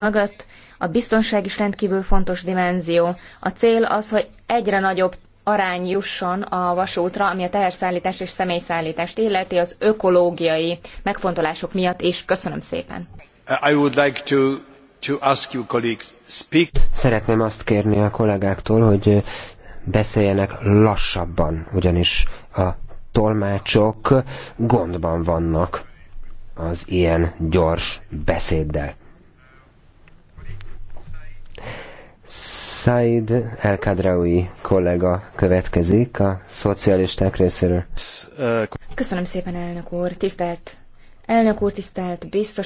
magat. a biztonság is rendkívül fontos dimenzió. A cél az, hogy egyre nagyobb arány jusson a vasútra, ami a teherszállítást és személyszállítást illeti az ökológiai megfontolások miatt is. Köszönöm szépen. I would like to, to ask you, colleagues, speak. Szeretném azt kérni a kollégáktól, hogy beszéljenek lassabban, ugyanis a tolmácsok gondban vannak az ilyen gyors beszéddel. Said Elkadraui kollega következik a szocialisták részéről. Köszönöm szépen, elnök úr. Tisztelt elnök úr, tisztelt biztos